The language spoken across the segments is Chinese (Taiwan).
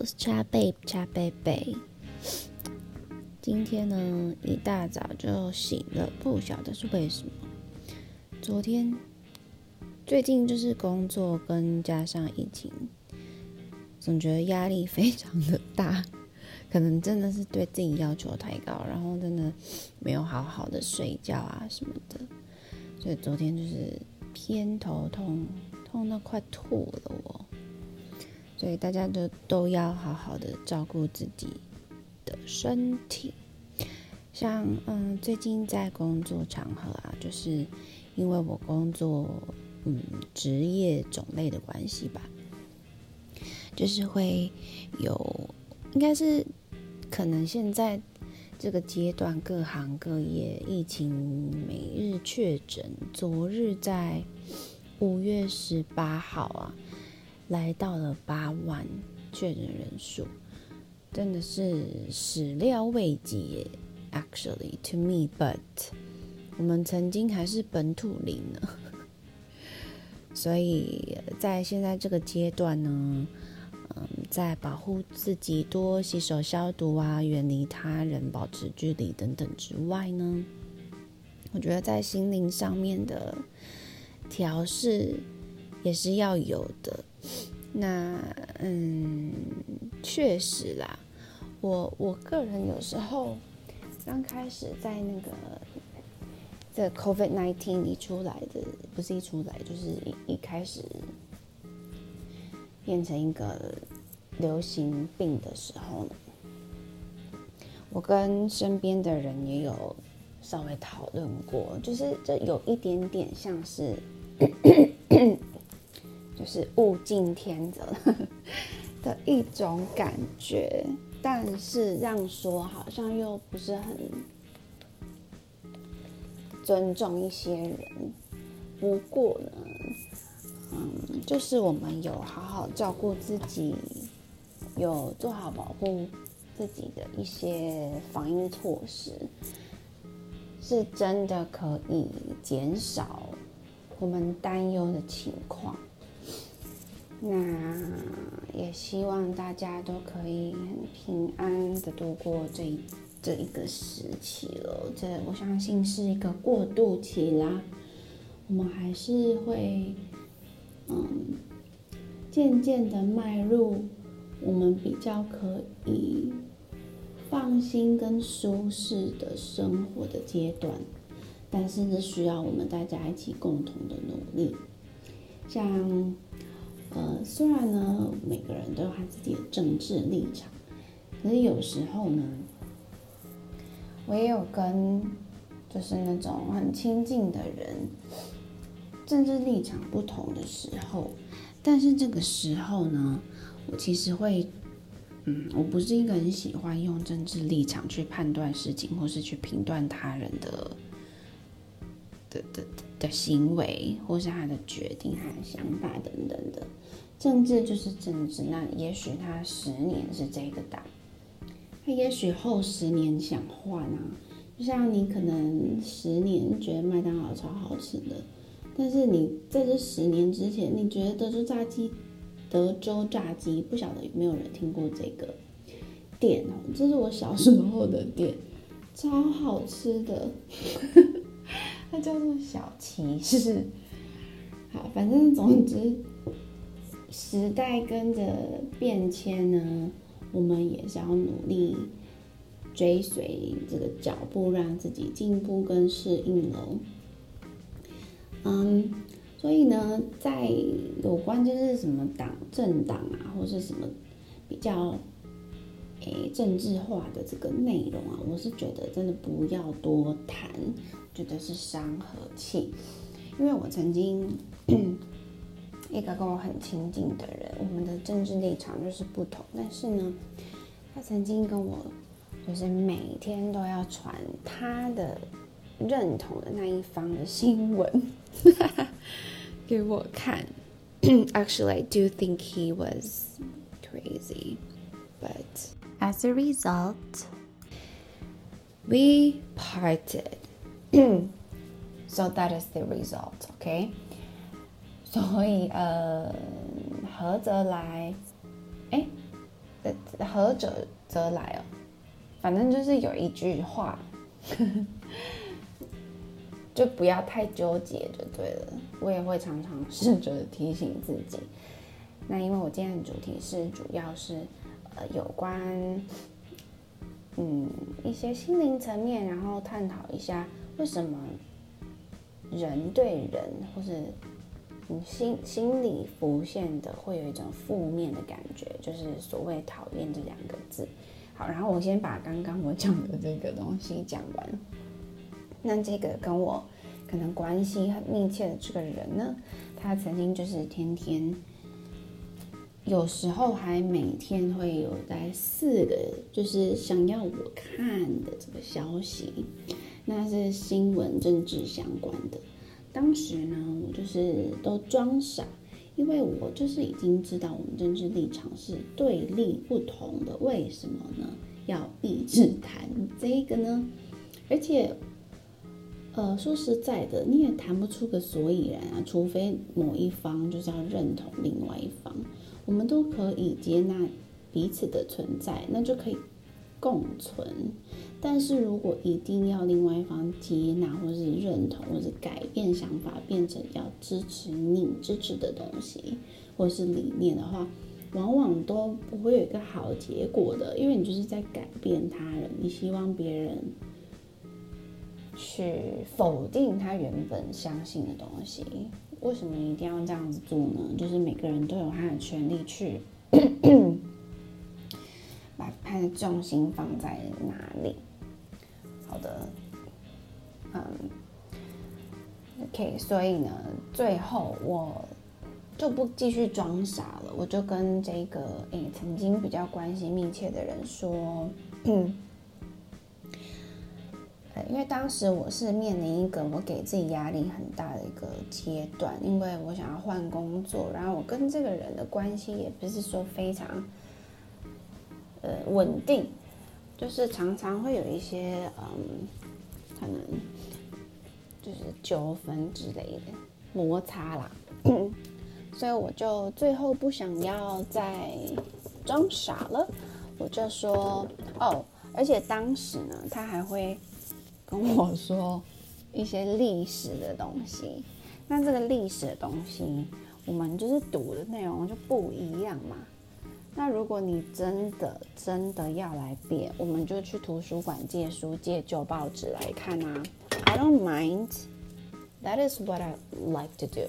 我是恰貝，恰貝貝，今天呢一大早就醒了，不曉得是為什麼。昨天最近就是工作跟加上疫情，總覺得壓力非常的大，可能真的是對自己要求太高，然後真的沒有好好的睡覺啊什麼的，所以昨天就是偏頭痛，痛到快吐了我。所以大家都都要好好的照顧自己的身體。像嗯，最近在工作場合啊，就是因為我工作嗯職業種類的關係吧，就是會有應該是可能現在這個階段各行各業疫情每日確診，昨日在五月十八號啊。來到了八萬確診人數，真的是始料未及。Actually, to me, but 我們曾經還是本土零呢， 所以在現在這個階段呢，嗯，在保護自己多、多洗手消毒啊、遠離他人、保持距離等等之外呢，我覺得在心靈上面的調試也是要有的。那嗯，確實啦，我我個人有時候剛開始在那個這個、COVID-19 一出來的，不是一出來，就是一一開始變成一個流行病的時候呢，我跟身邊的人也有稍微討論過，就是這有一點點像是。 就是物競天擇的、的一種感覺，但是這樣說好像又不是很尊重一些人。不過呢，嗯，就是我們有好好照顧自己，有做好保護自己的一些防疫措施，是真的可以減少我們擔憂的情況。那也希望大家都可以很平安的度過這一這一個時期了哦。這我，我相信是一個過渡期啦，我們還是會嗯漸漸的邁入我們比較可以放心跟舒適的生活的階段，但是這需要我們大家一起共同的努力，像。呃，雖然呢，每個人都有他自己的政治立場，可是有時候呢，我也有跟就是那種很親近的人，政治立場不同的時候，但是這個時候呢，我其實會，嗯，我不是一個很喜歡用政治立場去判斷事情，或是去評斷他人的，對對對。的行為，或是他的決定、他的想法等等的，政治就是政治。那也許他十年是這個黨，他也許後十年想換啊。就像你可能十年覺得麥當勞超好吃的，但是你在這十年之前，你覺得德州炸雞，德州炸雞不曉得有沒有人聽過這個店哦、喔，這是我小時候的店，超好吃的。 他叫做小騎士。好，反正總之，時代跟着變遷呢，我們也是要努力追隨這個腳步，讓自己進步跟適應哦。嗯，所以呢，在有關就是什麼黨政黨啊，或是什麼比較。誒，政治化的這個內容啊，我是覺得真的不要多談，覺得是傷和氣。因為我曾經、嗯、一個跟我很親近的人，我們的政治立場就是不同，但是呢，他曾經跟我就是每天都要傳他的認同的那一方的新聞 給我看。 Actually, I do think he was crazy, but As a result, we parted. So that is the result, okay? 所以呃，合則來，誒，合者則來哦。反正就是有一句話，呵呵，就不要太糾結就對了。我也會常常試着提醒自己。 那因為我今天的主題是，主要是。有關，嗯，一些心靈層面，然後探討一下為什麼人對人，或是你心心裡浮現的會有一種負面的感覺，就是所謂“討厭”這兩個字。好，然後我先把剛剛我講的這個東西講完。那這個跟我可能關係很密切的這個人呢，他曾經就是天天。有時候還每天會有在四個，就是想要我看的這個消息，那是新聞政治相關的。當時呢，我就是都裝傻，因為我就是已經知道我們政治立場是對立不同的。為什麼呢？要一直談這個呢？而且，呃，說實在的，你也談不出個所以然啊，除非某一方就是要認同另外一方。我們都可以接納彼此的存在，那就可以共存。但是如果一定要另外一方接納，或是認同，或是改變想法，變成要支持你支持的東西，或是理念的話，往往都不會有一個好結果的，因為你就是在改變他人，你希望別人去否定他原本相信的東西。為什麼一定要這樣子做呢？就是每個人都有他的權利去， 把他的重心放在哪裡。好的，嗯、um,，OK，所以呢，最後我就不繼續裝傻了，我就跟這個誒、欸、曾經比較關係密切的人說，呃因為當時我是面臨一個我給自己壓力很大的一個階段，因為我想要換工作，然後我跟這個人的關係也不是說非常，呃，穩定，就是常常會有一些嗯，可能就是糾紛之類的摩擦啦。 所以我就最後不想要再裝傻了，我就說哦，而且當時呢，他還會。跟我說一些歷史的東西，那這個歷史的東西，我們就是讀的內容就不一樣嘛。那如果你真的真的要來變，我們就去圖書館借書、借舊報紙來看啊。I don't mind. That is what I like to do.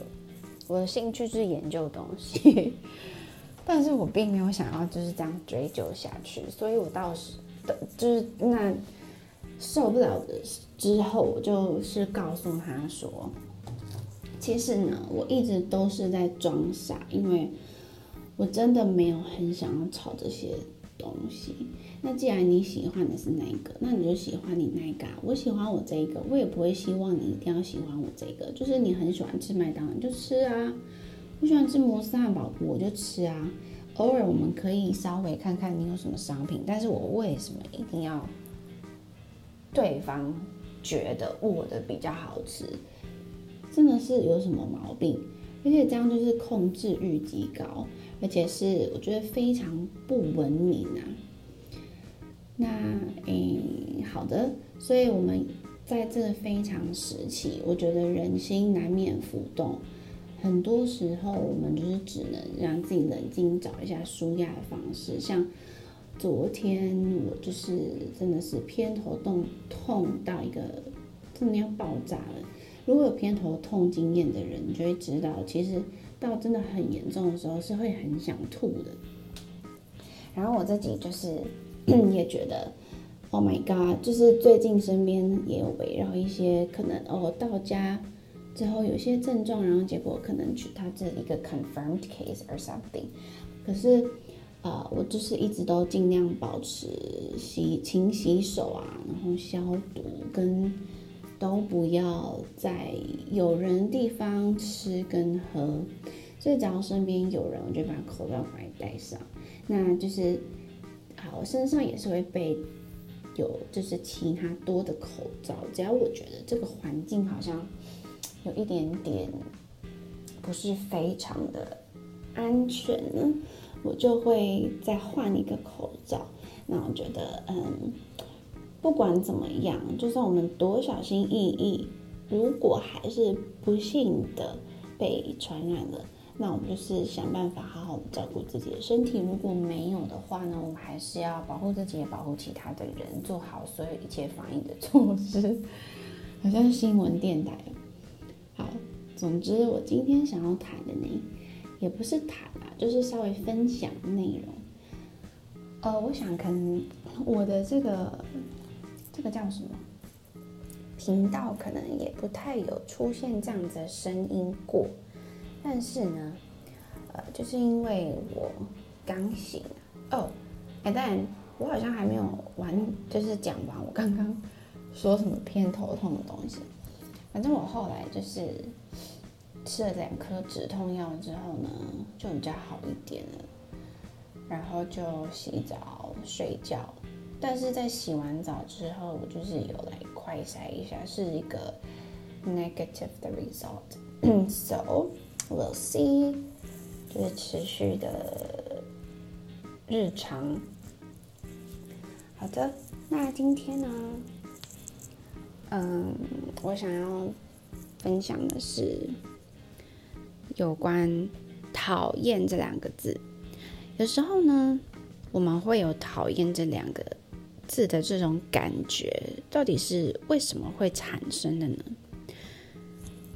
我的興趣是研究東西， 但是我並沒有想要就是這樣追究下去，所以我倒是就是那。受不了的之後，我就是告訴他說：“其實呢，我一直都是在裝傻，因為我真的沒有很想要炒這些東西。那既然你喜歡的是那一個，那你就喜歡你那一個。我喜歡我這一個，我也不會希望你一定要喜歡我這個。就是你很喜歡吃麥當勞就吃啊，我喜歡吃摩斯漢堡我就吃啊。偶爾我們可以稍微看看你有什麼商品，但是我為什麼一定要？”對方覺得我的比較好吃，真的是有什麼毛病？而且這樣就是控制欲極高，而且是我覺得非常不文明啊。那嗯、欸，好的，所以我們在這個非常時期，我覺得人心難免浮動，很多時候我們就是只能讓自己冷靜，找一下舒壓的方式，像。昨天我就是真的是偏頭痛痛到一個，真的要爆炸了。如果有偏頭痛經驗的人，就會知道，其實到真的很嚴重的時候，是會很想吐的。然後我自己就是 也覺得，Oh my God！就是最近身邊也有圍繞一些可能哦，oh, 到家之後有些症狀，然後結果可能去他這一個 confirmed case or something，可是。啊、呃，我就是一直都盡量保持洗勤洗手啊，然後消毒，跟都不要在有人地方吃跟喝。所以只要身邊有人，我就把口罩還戴上。那就是，好，我身上也是會備有就是其他多的口罩。只要我覺得這個環境好像有一點點不是非常的安全呢。我就會再換一個口罩。那我覺得，嗯，不管怎麼樣，就算我們多小心翼翼，如果還是不幸的被傳染了，那我們就是想辦法好好的照顧自己的身體。如果沒有的話呢，我們還是要保護自己，也保護其他的人，做好所有一切防疫的措施。好像是新聞電台。好，總之我今天想要談的呢。也不是談啊，就是稍微分享內容。呃，我想可能我的這個這個叫什麼頻道，可能也不太有出現這樣子的聲音過。但是呢，呃，就是因為我剛醒了哦，哎，當然我好像還沒有完，就是講完我剛剛說什麼偏頭痛的東西。反正我後來就是。吃了兩顆止痛藥之後呢，就比較好一點了。然後就洗澡、睡覺。但是在洗完澡之後，我就是有來快篩一下，是一個 negative result。嗯、So we'll see。就是持續的日常。好的，那今天呢？嗯，我想要分享的是。有關“討厭”這兩個字，有時候呢，我們會有“討厭”這兩個字的這種感覺，到底是為什麼會產生的呢？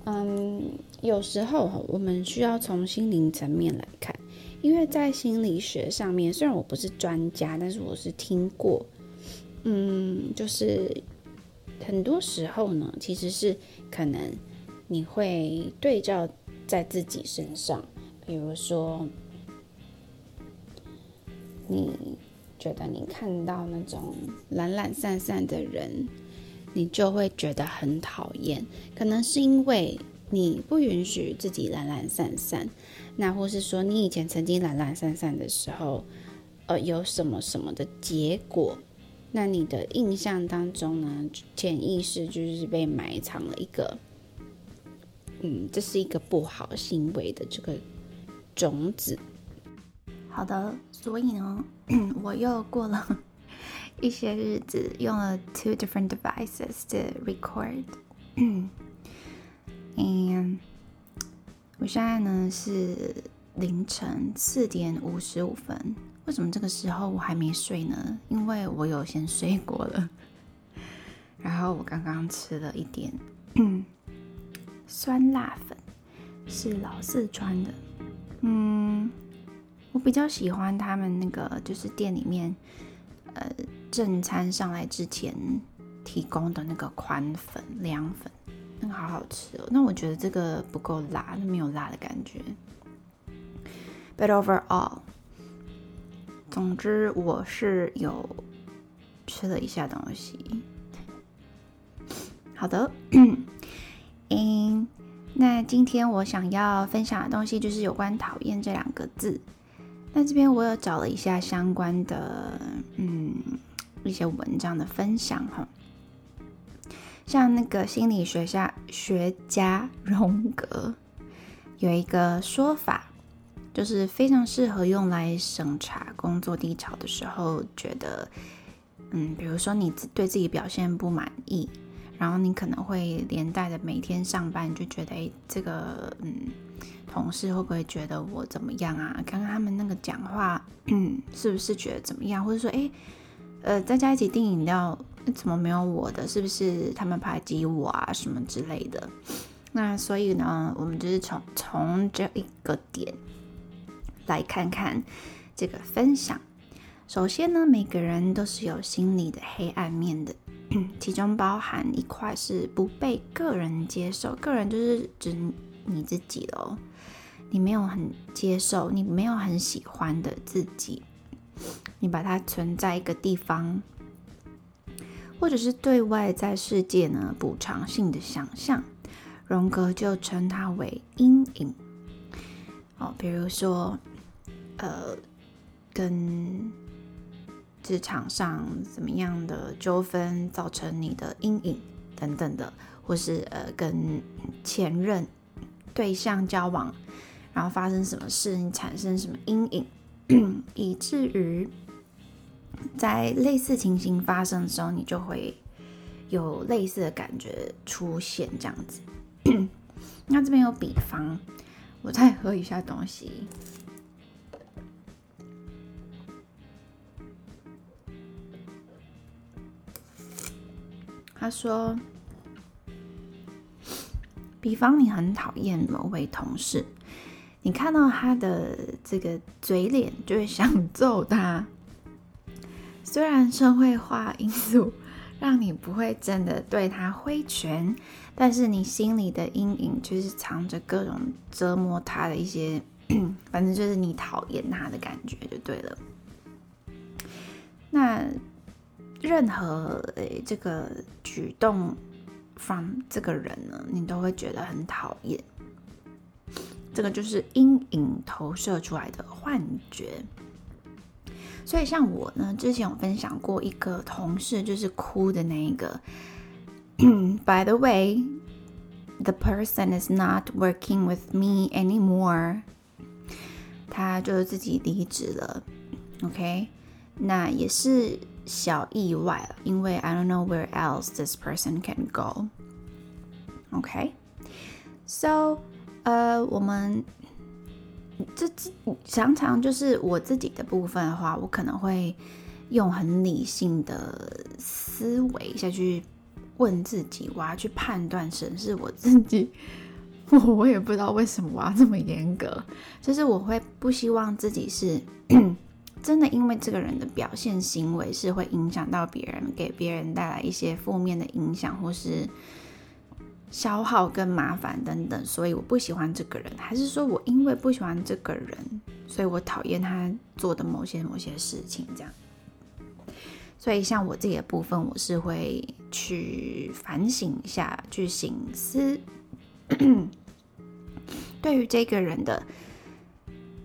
嗯，有時候我們需要從心靈層面來看，因為在心理學上面，雖然我不是專家，但是我是聽過，嗯，就是很多時候呢，其實是可能你會對照。在自己身上，比如說，你覺得你看到那種懶懶散散的人，你就會覺得很討厭。可能是因為你不允許自己懶懶散散，那或是說你以前曾經懶懶散散的時候，呃，有什麼什麼的結果，那你的印象當中呢，潛意識就是被埋藏了一個。嗯，這是一個不好行為的這個種子。好的，所以呢，我又過了一些日子，用了 two different devices to record，嗯，And, 我現在呢是凌晨四點五十五分。為什麼這個時候我還沒睡呢？因為我有先睡過了，然後我剛剛吃了一點。酸辣粉是老四川的，嗯，我比較喜歡他們那個，就是店裡面呃正餐上來之前提供的那個寬粉、涼粉，那個好好吃哦、喔。那我覺得這個不夠辣，沒有辣的感覺。But overall，總之我是有吃了一下東西。好的。 嗯，那今天我想要分享的東西就是有關“討厭”這兩個字。那這邊我有找了一下相關的，嗯，一些文章的分享哈。像那個心理學家學家榮格有一個說法，就是非常適合用來審查工作低潮的時候，覺得，嗯，比如說你對自己表現不滿意。然後你可能會連帶的每天上班就覺得，誒，這個嗯，同事會不會覺得我怎麼樣啊？看看他們那個講話，嗯，是不是覺得怎麼樣？或者說，誒，呃，大家一起訂飲料，怎麼沒有我的？是不是他們排擠我啊？什麼之類的。那所以呢，我們就是從從這一個點來看看這個分享。首先呢，每個人都是有心理的黑暗面的。其中包含一塊是不被個人接受，個人就是指你自己咯，你沒有很接受，你沒有很喜歡的自己，你把它存在一個地方，或者是對外在世界呢，補償性的想象，榮格就稱它為陰影。哦，比如說，呃，跟。職場上怎麼樣的糾紛造成你的陰影等等的，或是呃跟前任對象交往，然後發生什麼事你產生什麼陰影， 以至於在類似情形發生的時候，你就會有類似的感覺出現這樣子。 那這邊有比方，我再喝一下東西。他說：“比方你很討厭某位同事，你看到他的這個嘴臉就會想揍他。雖然社會化因素讓你不會真的對他揮拳，但是你心裡的陰影就是藏着各種折磨他的一些，反正就是你討厭他的感覺就對了。”那。任何誒，這個舉動 from 這個人呢，你都會覺得很討厭。這個就是陰影投射出來的幻覺。所以像我呢，之前有分享過一個同事，就是哭的那一個。 By the way, the person is not working with me anymore。他就是自己離職了。OK，那也是小意外了，因為 I don't know where else this person can go. Okay, so，呃、uh，我們這這常常就是我自己的部分的話，我可能會用很理性的思維下去問自己，我要去判斷審視我自己。我我也不知道為什麼我要這麼嚴格，就是我會不希望自己是。 真的因為這個人的表現行為是會影響到別人，給別人帶來一些負面的影響，或是消耗跟麻煩等等，所以我不喜歡這個人，還是說我因為不喜歡這個人，所以我討厭他做的某些某些事情，這樣。所以像我自己的部分，我是會去反省一下，去省思 對於這個人的，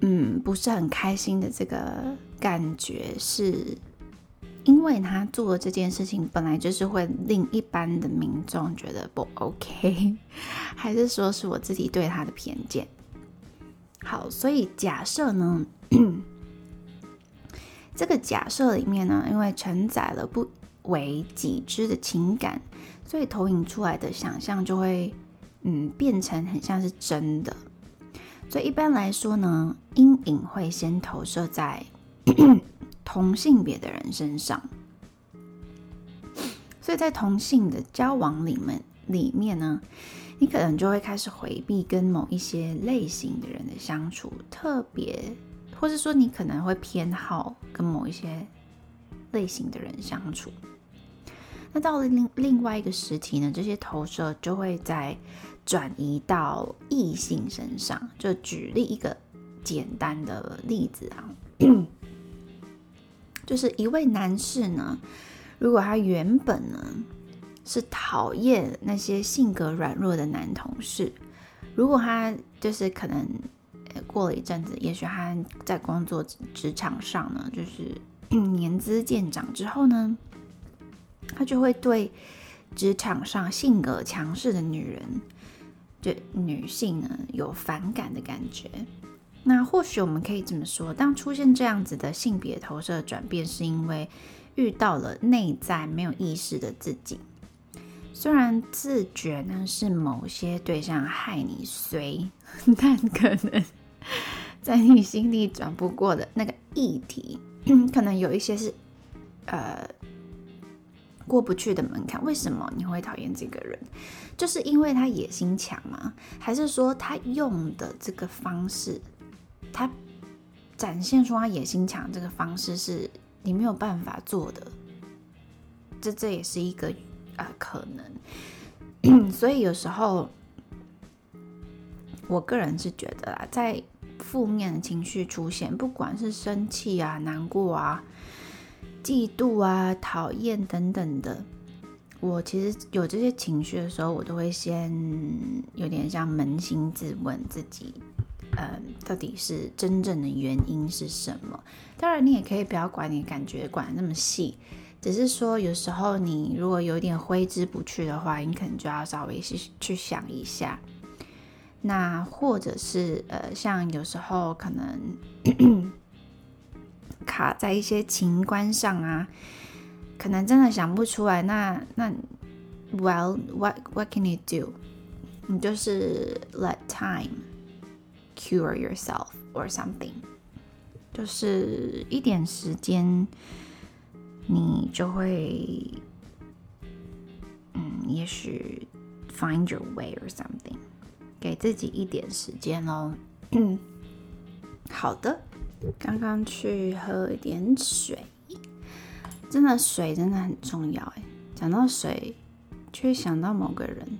嗯，不是很開心的這個。感覺是因為他做的這件事情本來就是會令一般的民眾覺得不 OK，還是說是我自己對他的偏見？好，所以假設呢，這個假設裡面呢，因為承載了不為己知的情感，所以投影出來的想象就會嗯變成很像是真的。所以一般來說呢，陰影會先投射在。 同性別的人身上，所以在同性的交往裡面，裡面呢，你可能就會開始回避跟某一些類型的人的相處，特別，或是說你可能會偏好跟某一些類型的人相處。那到了另另外一個時期呢，這些投射就會再轉移到異性身上。就舉例一個簡單的例子啊。 就是一位男士呢，如果他原本呢是討厭那些性格軟弱的男同事，如果他就是可能過了一陣子，也許他在工作職場上呢，就是年資漸長之後呢，他就會對職場上性格強勢的女人、對女性呢有反感的感覺。那或許我們可以這麼說，當出現這樣子的性別投射轉變，是因為遇到了內在沒有意識的自己。雖然自覺呢，是某些對象害你衰，但可能在你心裡轉不過的那個議題，可能有一些是呃過不去的門檻。為什麼你會討厭這個人？就是因為他野心強嗎？還是說他用的這個方式？他展現出他野心強這個方式是你沒有辦法做的，這這也是一個啊、呃、可能， 所以有時候我個人是覺得啊，在負面的情緒出現，不管是生氣啊、難過啊、嫉妒啊、討厭等等的，我其實有這些情緒的時候，我都會先有點像捫心自問自己。到底是真正的原因是什麼？當然，你也可以不要管，你的感覺管得那麼細。只是說，有時候你如果有點揮之不去的話，你可能就要稍微去去想一下。那或者是呃，像有時候可能 卡在一些情關上啊，可能真的想不出來。那那，Well, what what can you do？你就是 let time。Cure yourself or something，就是一點時間，你就會嗯，也許 find your way or something，給自己一點時間哦。 好的，剛剛去喝一點水，真的水真的很重要誒、欸。講到水，卻想到某個人，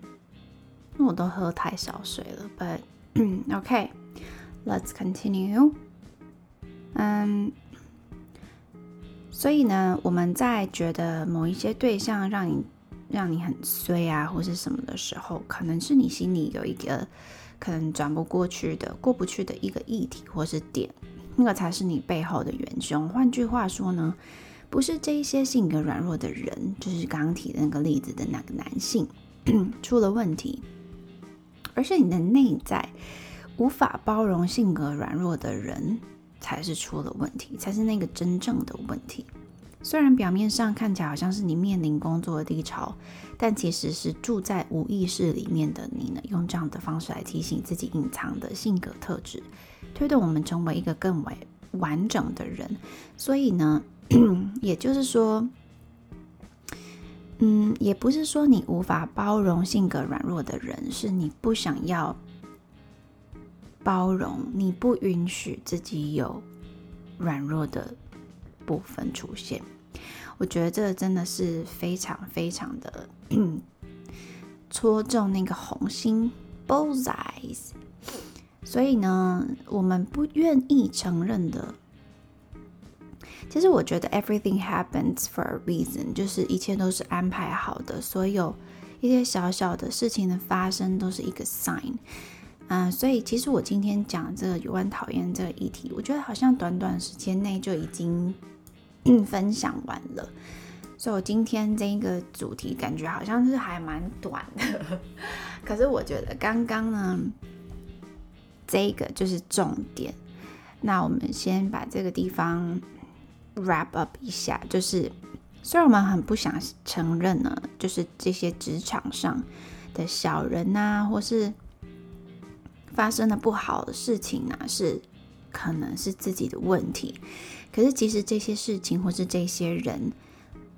因為我都喝太少水了，but 對，OK。Let's continue。嗯，所以呢，我們在覺得某一些對象讓你讓你很衰啊，或是什麼的時候，可能是你心裡有一個可能轉不過去的、過不去的一個議題或是點，那個才是你背後的元兇。換句話說呢，不是這一些性格軟弱的人，就是剛剛提的那個例子的那個男性 出了問題，而是你的內在。無法包容性格軟弱的人，才是出了問題，才是那個真正的問題。雖然表面上看起來好像是你面臨工作的低潮，但其實是住在潛意識裡面的你呢，用這樣的方式來提醒自己隱藏的性格特質，推動我們成為一個更為完整的人。所以呢，也就是說，嗯，也不是說你無法包容性格軟弱的人，是你不想要。包容，你不允許自己有軟弱的部分出現。我覺得這真的是非常非常的 戳中那個紅心 bullseye。 所以呢，我們不願意承認的，其實我覺得 everything happens for a reason，就是一切都是安排好的，所有一些小小的事情的發生都是一個 sign。嗯，所以其實我今天講的這個有關討厭這個議題，我覺得好像短短時間內就已經、嗯、分享完了。所以我今天這個主題感覺好像是還蠻短的呵呵，可是我覺得剛剛呢，這個就是重點。那我們先把這個地方 wrap up 一下，就是雖然我們很不想承認呢，就是這些職場上的小人啊，或是。發生的不好的事情呢、啊，是可能是自己的問題。可是其實這些事情或是這些人，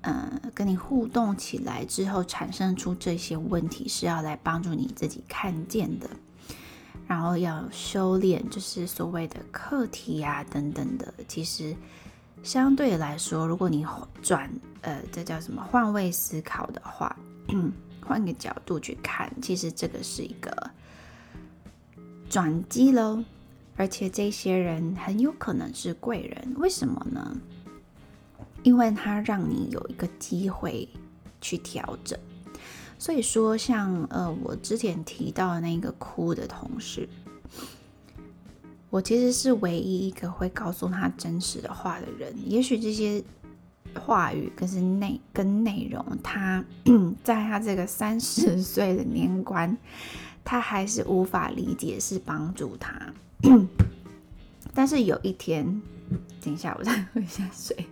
嗯、呃，跟你互動起來之後產生出這些問題，是要來幫助你自己看見的，然後要修煉，就是所謂的課題啊等等的。其實相對來說，如果你轉，呃，這叫什麼換位思考的話，嗯，換個角度去看，其實這個是一個。轉機嘍，而且這些人很有可能是貴人，為什麼呢？因為他讓你有一個機會去調整。所以說像，像呃，我之前提到的那個哭的同事，我其實是唯一一個會告訴他真實的話的人。也許這些話語是內跟內容，他在他這個三十歲的年關。 他還是無法理解是幫助他， 但是有一天，等一下我再喝一下水，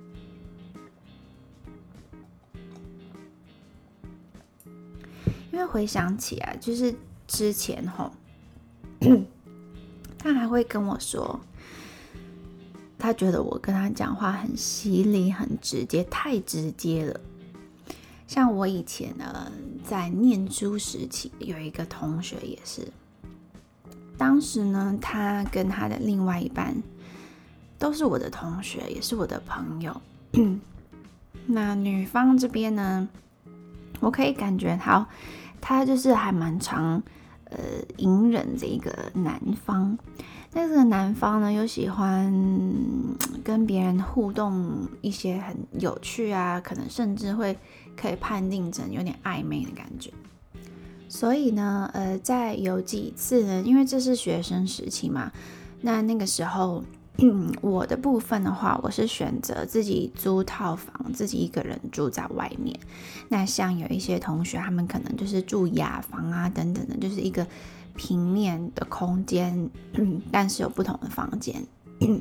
因為回想起來，啊，就是之前哈，哦， 他還會跟我說，他覺得我跟他講話很犀利，很直接，太直接了。像我以前呢，在念書時期，有一個同學也是。當時呢，他跟他的另外一半都是我的同學，也是我的朋友。 那女方這邊呢，我可以感覺他，他就是還蠻常呃隱忍著一個男方。但是男方呢，又喜歡跟別人互動一些很有趣啊，可能甚至會。可以判定成有點曖昧的感覺，所以呢，呃，在有幾次呢，因為這是學生時期嘛，那那個時候，嗯，我的部分的話，我是選擇自己租套房，自己一個人住在外面。那像有一些同學，他們可能就是住雅房啊等等的，就是一個平面的空間，嗯，但是有不同的房間。嗯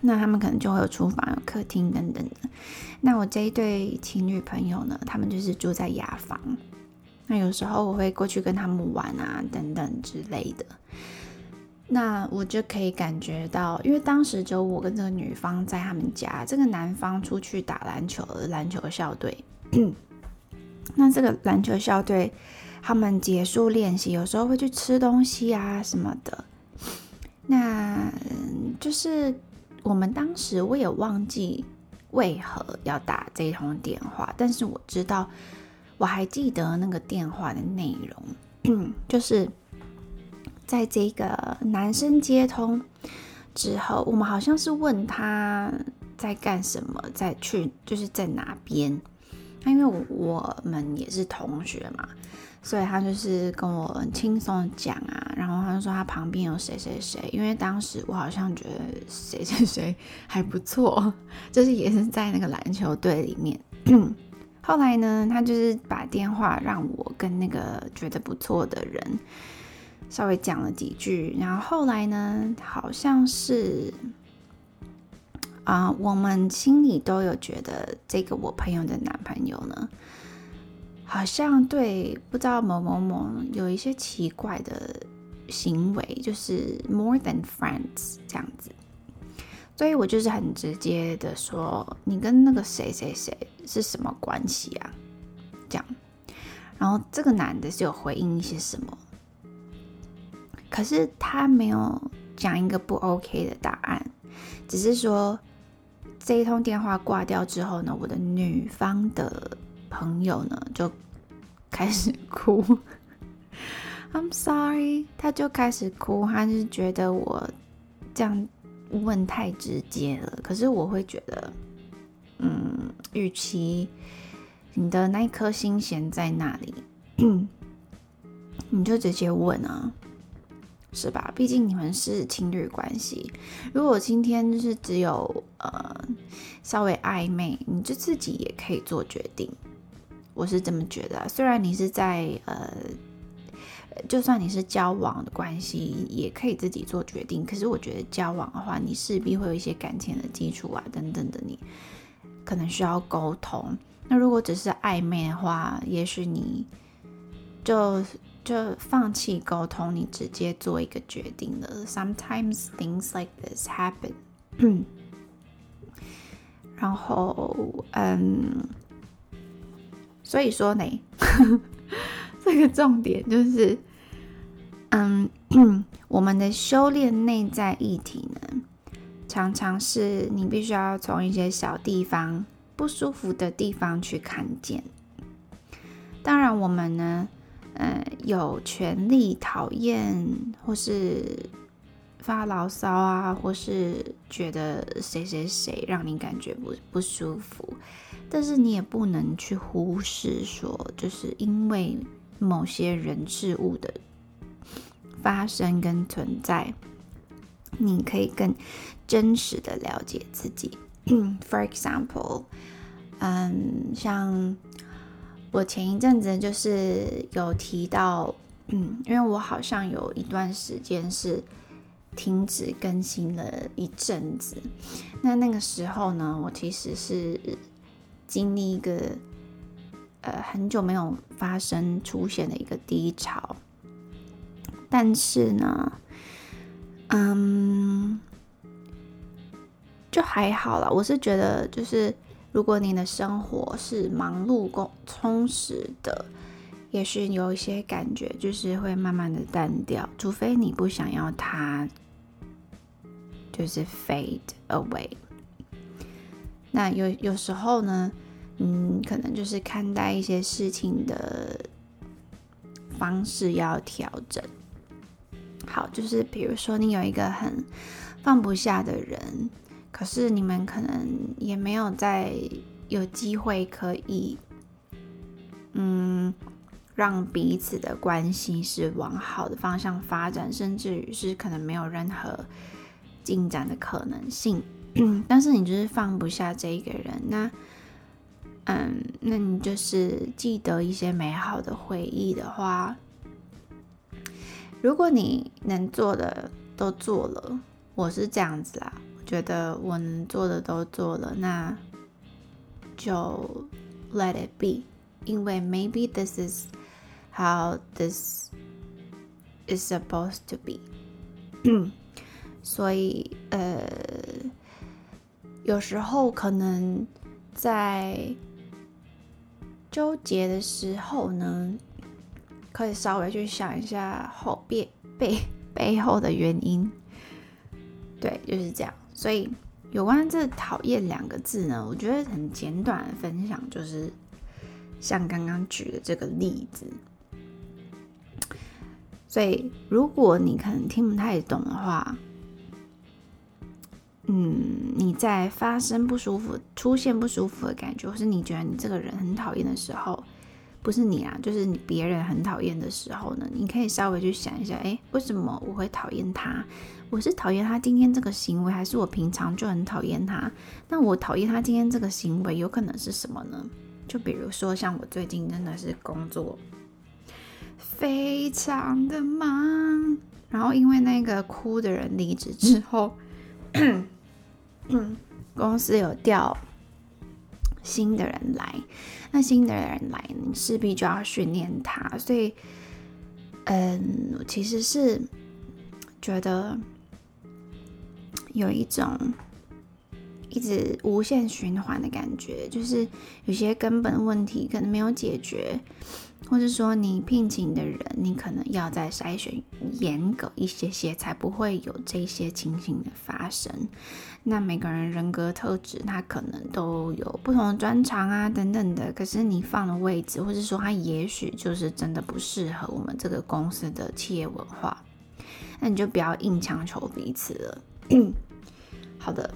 那他們可能就會有廚房、有客廳等等的。那我這一對情侶朋友呢，他們就是住在雅房。那有時候我會過去跟他們玩啊，等等之類的。那我就可以感覺到，因為當時只有我跟這個女方在他們家，這個男方出去打籃球的籃球校隊。 那這個籃球校隊他們結束練習，有時候會去吃東西啊什麼的。那就是。我們當時，我也忘記為何要打這通電話，但是我知道，我還記得那個電話的內容，嗯，就是在這個男生接通之後，我們好像是問他在幹什麼，在去，就是在哪邊，因為我們也是同學嘛。所以他就是跟我很輕鬆的講啊，然後他就說他旁邊有誰誰誰，因為當時我好像覺得誰誰誰還不錯，就是也是在那個籃球隊裡面。 後來呢，他就是把電話讓我跟那個覺得不錯的人稍微講了幾句，然後後來呢，好像是啊、呃，我們心裡都有覺得這個我朋友的男朋友呢。好像對不知道某某某有一些奇怪的行為，就是 more than friends 這樣子，所以我就是很直接的說，你跟那個誰誰誰是什麼關係啊？這樣，然後這個男的是有回應一些什麼，可是他沒有講一個不 OK 的答案，只是說這一通電話掛掉之後呢，我的女方的，朋友呢，就開始哭。 I'm sorry，他就開始哭，他就覺得我這樣問太直接了。可是我會覺得，嗯，與其你的那一顆心懸在那裡， 你就直接問啊，是吧？畢竟你們是情侶關係。如果今天就是只有呃稍微曖昧，你就自己也可以做決定。我是這麼覺得、啊，雖然你是在呃，就算你是交往的關係，也可以自己做決定。可是我覺得交往的話，你勢必會有一些感情的基礎啊，等等的你，你可能需要溝通。那如果只是曖昧的話，也許你就就放棄溝通，你直接做一個決定了。Sometimes things like this happen。 然後，嗯。所以說呢呵呵，這個重點就是，嗯，我們的修煉內在議題呢，常常是你必須要從一些小地方不舒服的地方去看見。當然，我們呢，嗯，有權利討厭，或是發牢騷啊，或是覺得誰誰誰讓你感覺不不舒服。但是你也不能去忽視說，就是因為某些人事物的發生跟存在，你可以更真實的了解自己。 For example，嗯，像我前一陣子就是有提到，嗯，因為我好像有一段時間是停止更新了一陣子，那那個時候呢，我其實是。經歷一個呃很久沒有發生出現的一個低潮，但是呢，嗯，就還好啦。我是覺得，就是如果你的生活是忙碌夠充實的，也是有一些感覺，就是會慢慢的淡掉，除非你不想要它，就是 fade away。那有有時候呢，嗯，可能就是看待一些事情的方式要調整。好，就是比如說你有一個很放不下的人，可是你們可能也沒有在有機會可以，嗯，讓彼此的關係是往好的方向發展，甚至於是可能沒有任何進展的可能性。 但是你就是放不下這個人，那，嗯，那你就是記得一些美好的回憶的話，如果你能做的都做了，我是這樣子啦，我覺得我能做的都做了，那就 let it be，因為 maybe this is how this is supposed to be， 所以呃。有時候可能在糾結的時候呢，可以稍微去想一下後背背背後的原因。對，就是這樣。所以有關這“討厭”兩個字呢，我覺得很簡短的分享就是，像剛剛舉的這個例子。所以如果你可能聽不太懂的話。嗯，你在發生不舒服、出現不舒服的感覺，或是你覺得你這個人很討厭的時候，不是你啊，就是你別人很討厭的時候呢，你可以稍微去想一下，哎、欸，為什麼我會討厭他？我是討厭他今天這個行為，還是我平常就很討厭他？那我討厭他今天這個行為，有可能是什麼呢？就比如說，像我最近真的是工作非常的忙，然後因為那個哭的人離職之後。嗯 嗯，公司有調新的人來，那新的人來，你勢必就要訓練他，所以，嗯，我其實是覺得有一種一直無限循環的感覺，就是有些根本問題可能沒有解決。或是說你聘請的人，你可能要再篩選嚴格一些些，才不會有這些情形的發生。那每個人人格特質，他可能都有不同的專長啊等等的。可是你放的位置，或是說他也許就是真的不適合我們這個公司的企業文化，那你就不要硬強求彼此了。 好的。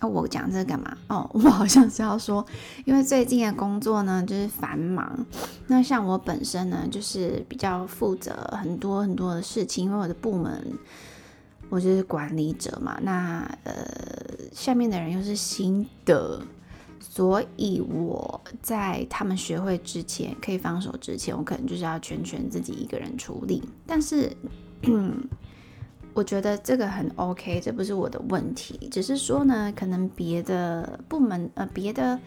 那、啊、我講這個幹嘛？哦，我好像是要說，因為最近的工作呢就是繁忙。那像我本身呢，就是比較負責很多很多的事情，因為我的部門，我就是管理者嘛。那呃，下面的人又是新的，所以我在他們學會之前，可以放手之前，我可能就是要全權自己一個人處理。但是，嗯。 我覺得這個很 OK，這不是我的問題，只是說呢，可能別的部門呃，別的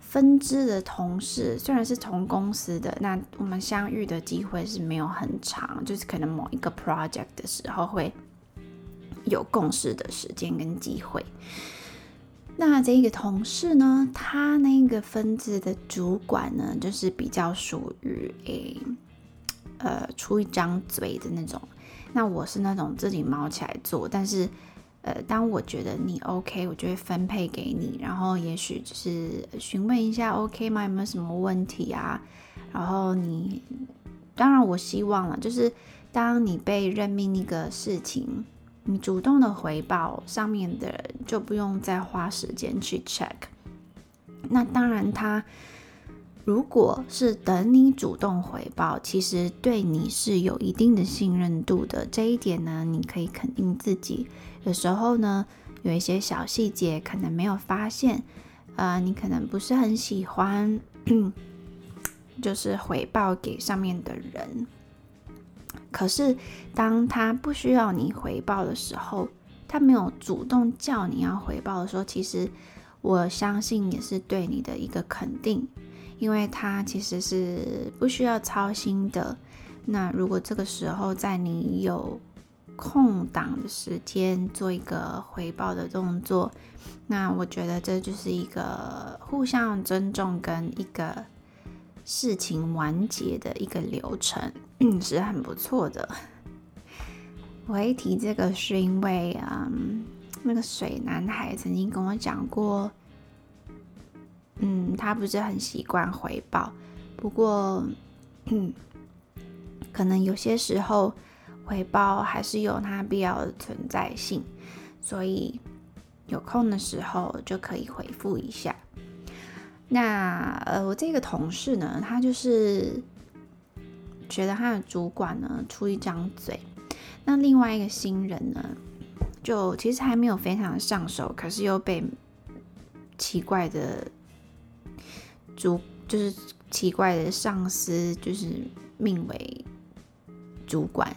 分支的同事雖然是同公司的，那我們相遇的機會是沒有很長，就是可能某一個 project 的時候會有共事的時間跟機會。那這個同事呢，他那個分支的主管呢，就是比較屬於誒，呃，出一張嘴的那種。那我是那種自己忙起來做，但是，呃，當我覺得你 OK，我就會分配給你，然後也許就是詢問一下 OK 嗎？有沒有什麼問題啊？然後你，當然我希望了，就是當你被任命那個事情，你主動的回報上面的人，就不用再花時間去 check。那當然他。如果是等你主動回報，其實對你是有一定的信任度的。這一點呢，你可以肯定自己。有時候呢，有一些小細節可能沒有發現，啊、呃，你可能不是很喜歡，就是回報給上面的人。可是當他不需要你回報的時候，他沒有主動叫你要回報的時候，其實我相信也是對你的一個肯定。因為他其實是不需要操心的。那如果這個時候在你有空檔的時間做一個回報的動作，那我覺得這就是一個互相尊重跟一個事情完結的一個流程，嗯，是很不錯的。我一提這個是因為嗯，那個水男孩曾經跟我講過。嗯，他不是很習慣回報，不過，嗯，可能有些時候回報還是有他必要的存在性，所以有空的時候就可以回復一下。那呃，我這個同事呢，他就是覺得他的主管呢出一張嘴，那另外一個新人呢，就其實還沒有非常的上手，可是又被奇怪的。主就是奇怪的上司，就是命為主管。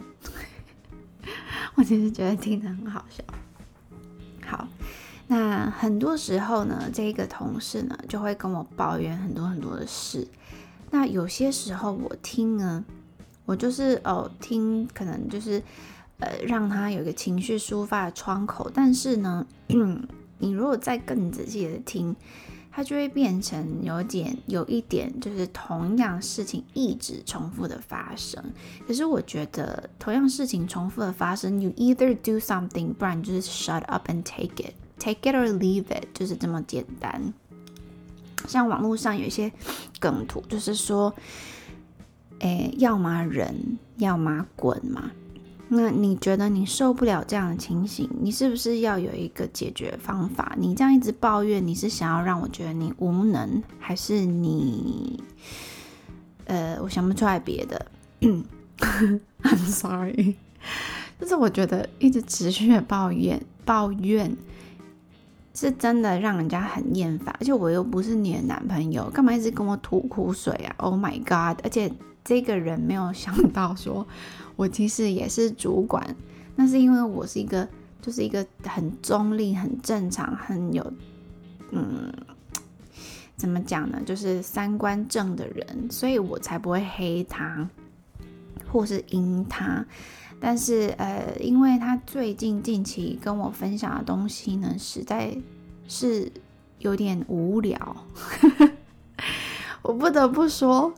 我其實覺得聽得很好笑。好，那很多時候呢，這個同事呢就會跟我抱怨很多很多的事。那有些時候我聽呢，我就是哦聽，可能就是呃讓他有一個情緒抒發的窗口。但是呢，嗯，你如果再更仔細的聽。它就會變成有點有一點，就是同樣事情一直重複的發生。可是我覺得，同樣事情重複的發生，you either do something，不然就是 shut up and take it，take it or leave it，就是這麼簡單。像網絡上有一些梗圖，就是說，哎、欸，要麼忍，要麼滾嘛。那你覺得你受不了這樣的情形，你是不是要有一個解決方法？你這樣一直抱怨，你是想要讓我覺得你無能，還是你……呃，我想不出來別的。 I'm sorry，但 是我覺得一直持續的抱怨，抱怨是真的讓人家很厭煩。而且我又不是你的男朋友，幹嘛一直跟我吐苦水啊？Oh my god！而且。這個人沒有想到說，說我其實也是主管，那是因為我是一個，就是一個很中立、很正常、很有，嗯，怎麼講呢？就是三觀正的人，所以我才不會黑他，或是陰他。但是，呃，因為他最近近期跟我分享的東西呢，實在是有點無聊， 我不得不說。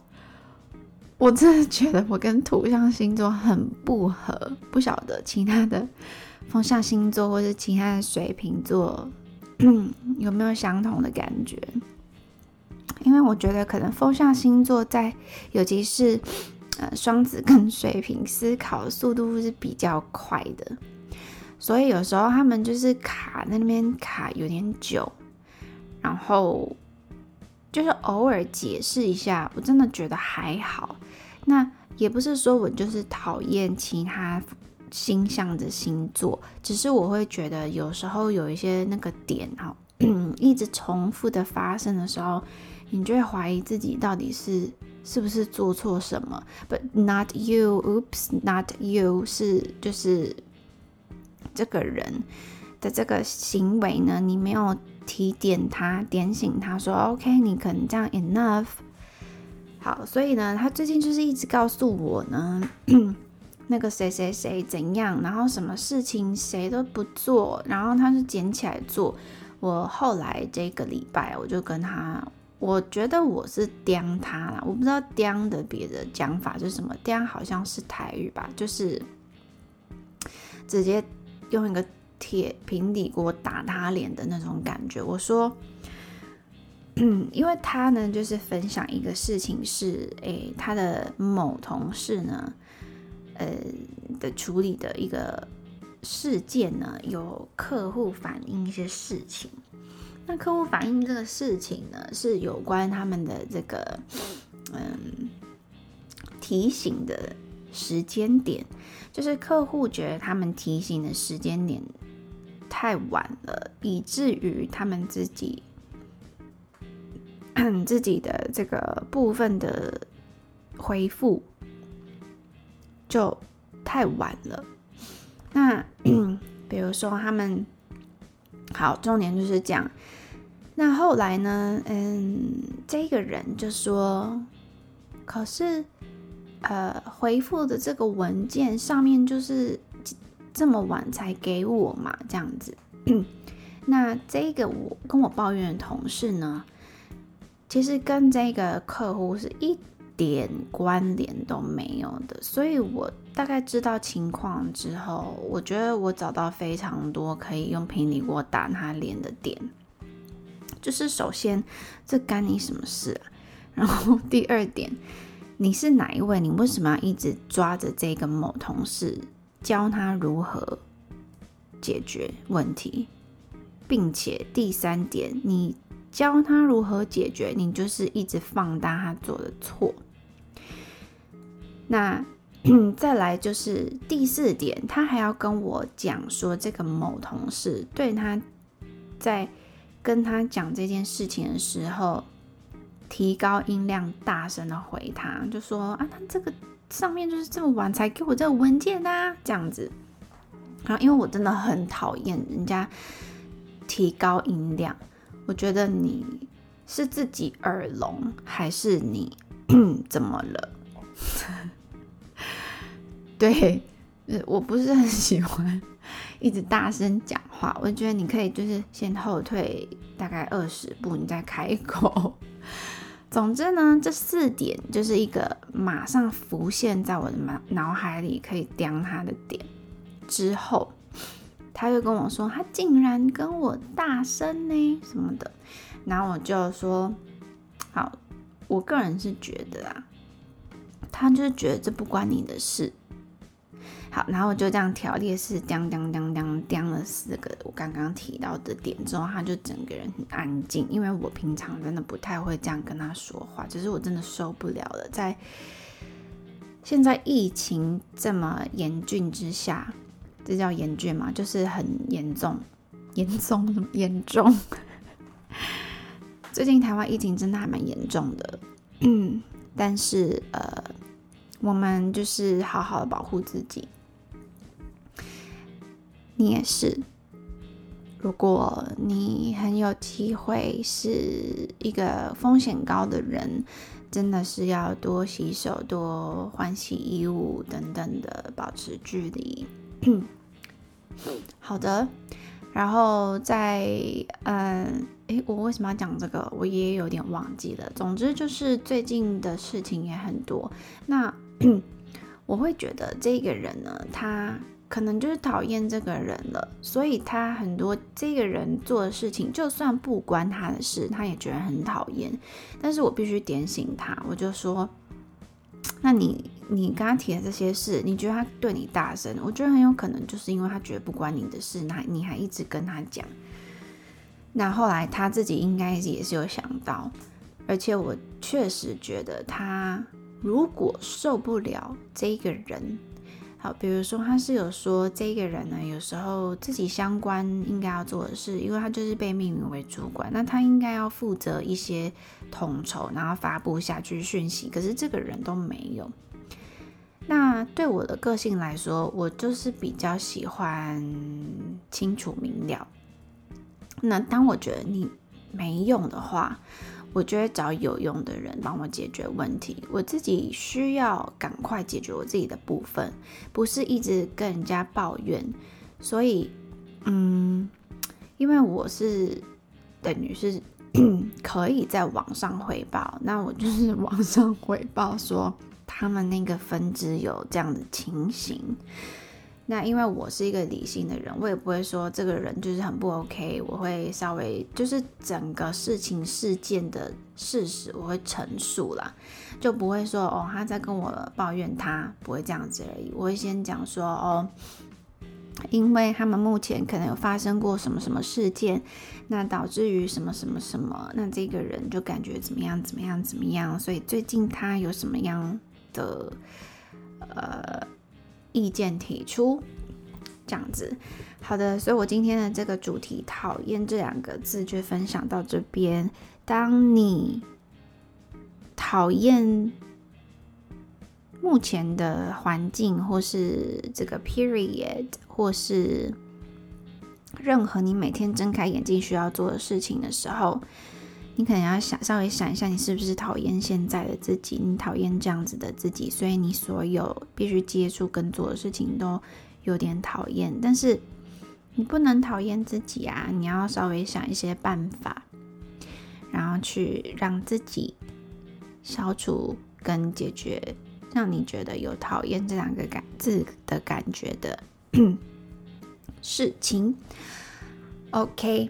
我真的覺得我跟土象星座很不合，不曉得其他的風象星座或是其他的水瓶座，嗯，有沒有相同的感覺？因為我覺得可能風象星座在，尤其是呃雙子跟水瓶，思考的速度是比較快的，所以有時候他們就是卡那邊卡有點久，然後就是偶爾解釋一下，我真的覺得還好。那也不是說我就是討厭其他星象的星座，只是我會覺得有時候有一些那個點哈、喔， 一直重複的發生的時候，你就會懷疑自己到底是是不是做錯什麼。But not you, Oops, not you 是就是這個人的這個行為呢，你沒有提點他，點醒他說 OK，你可能這樣 enough。好，所以呢，他最近就是一直告訴我呢， 那個誰誰誰怎樣，然後什麼事情誰都不做，然後他是撿起來做。我後來這個禮拜，我就跟他，我覺得我是刁他啦，我不知道刁的別的講法是什麼，刁好像是台語吧，就是直接用一個鐵平底鍋打他臉的那種感覺。我說。嗯，因為他呢，就是分享一個事情是，是、欸、誒，他的某同事呢，呃的處理的一個事件呢，有客戶反映一些事情。那客戶反映這個事情呢，是有關他們的這個嗯、呃、提醒的時間點，就是客戶覺得他們提醒的時間點太晚了，以至於他們自己。看自己的這個部分的回覆就太晚了。那、嗯、比如說他們好，重點就是講那後來呢，嗯，這個人就說，可是呃，回覆的這個文件上面就是這麼晚才給我嘛，這樣子。嗯、那這個我跟我抱怨的同事呢？其實跟這個客戶是一點關聯都沒有的，所以我大概知道情況之後，我覺得我找到非常多可以用平底鍋打他臉的點。就是首先，這干你什麼事啊？然後第二點，你是哪一位？你為什麼要一直抓着這個某同事教他如何解決問題？並且第三點，你。教他如何解決，你就是一直放大他做的錯。那、嗯、再來就是第四點，他還要跟我講說，這個某同事對他在跟他講這件事情的時候，提高音量，大聲的回他，就說啊，他這個上面就是這麼晚才給我這個文件吶、啊，這樣子。然後、啊、因為我真的很討厭人家提高音量。我覺得你是自己耳聾，還是你、嗯、怎麼了？ 對，我不是很喜歡一直大聲講話。我覺得你可以就是先後退大概二十步，你再開口。總之呢，這四點就是一個馬上浮現在我的腦海裡可以叼它的點之後。他又跟我說，他竟然跟我大聲呢什麼的，然後我就說，好，我個人是覺得啊，他就是覺得這不關你的事。好，然後我就這樣條列式講講講講講了四個我剛剛提到的點之後，他就整個人很安靜，因為我平常真的不太會這樣跟他說話，只是我真的受不了了，在現在疫情這麼嚴峻之下。這叫嚴峻嘛？就是很嚴重、嚴重、嚴重。最近台灣疫情真的還蠻嚴重的，嗯，但是呃，我們就是好好保護自己。你也是。如果你很有機會是一個風險高的人，真的是要多洗手、多換洗衣物等等的，保持距離。嗯， 好的，然後在嗯，誒，我為什麼要講這個？我也有點忘記了。總之就是最近的事情也很多。那 我會覺得這個人呢，他可能就是討厭這個人了，所以他很多這個人做的事情，就算不關他的事，他也覺得很討厭。但是我必須點醒他，我就說，那你。你剛剛提的這些事，你覺得他對你大聲？我覺得很有可能就是因為他覺得不關你的事，那你還一直跟他講。那後來他自己應該也是有想到，而且我確實覺得他如果受不了這個人，好，比如說他是有說這個人呢，有時候自己相關應該要做的事，因為他就是被命名為主管，那他應該要負責一些統籌，然後發布下去訊息，可是這個人都沒有。那對我的個性來說，我就是比較喜歡清楚明了。那當我覺得你沒用的話，我就會找有用的人幫我解決問題。我自己需要趕快解決我自己的部分，不是一直跟人家抱怨。所以，嗯，因為我是等於是可以在網上回報，那我就是網上回報說。他們那個分支，有這樣的情形。那因為我是一個理性的人，我也不會說，這個人就是很不 OK，我會稍微就是整個事情、事件的事實我會陳述啦，就不會說，哦他在跟我抱怨他不會這樣子而已，我會先講說，哦，因為他們目前可能有發生過什麼什麼事件，那導致於什麼什麼什麼，那這個人就感覺怎麼樣怎麼樣怎麼樣，所以最近他有什麼樣。的呃，意見提出這樣子，好的，所以我今天的這個主題“討厭”這兩個字就分享到這邊。當你討厭目前的環境，或是這個 period，或是任何你每天睜開眼睛需要做的事情的時候。你可能要想稍微想一下，你是不是討厭現在的自己？你討厭這樣子的自己，所以你所有必須接觸跟做的事情都有點討厭。但是你不能討厭自己啊！你要稍微想一些辦法，然後去讓自己消除跟解決讓你覺得有討厭這兩個字的感覺的事情。OK。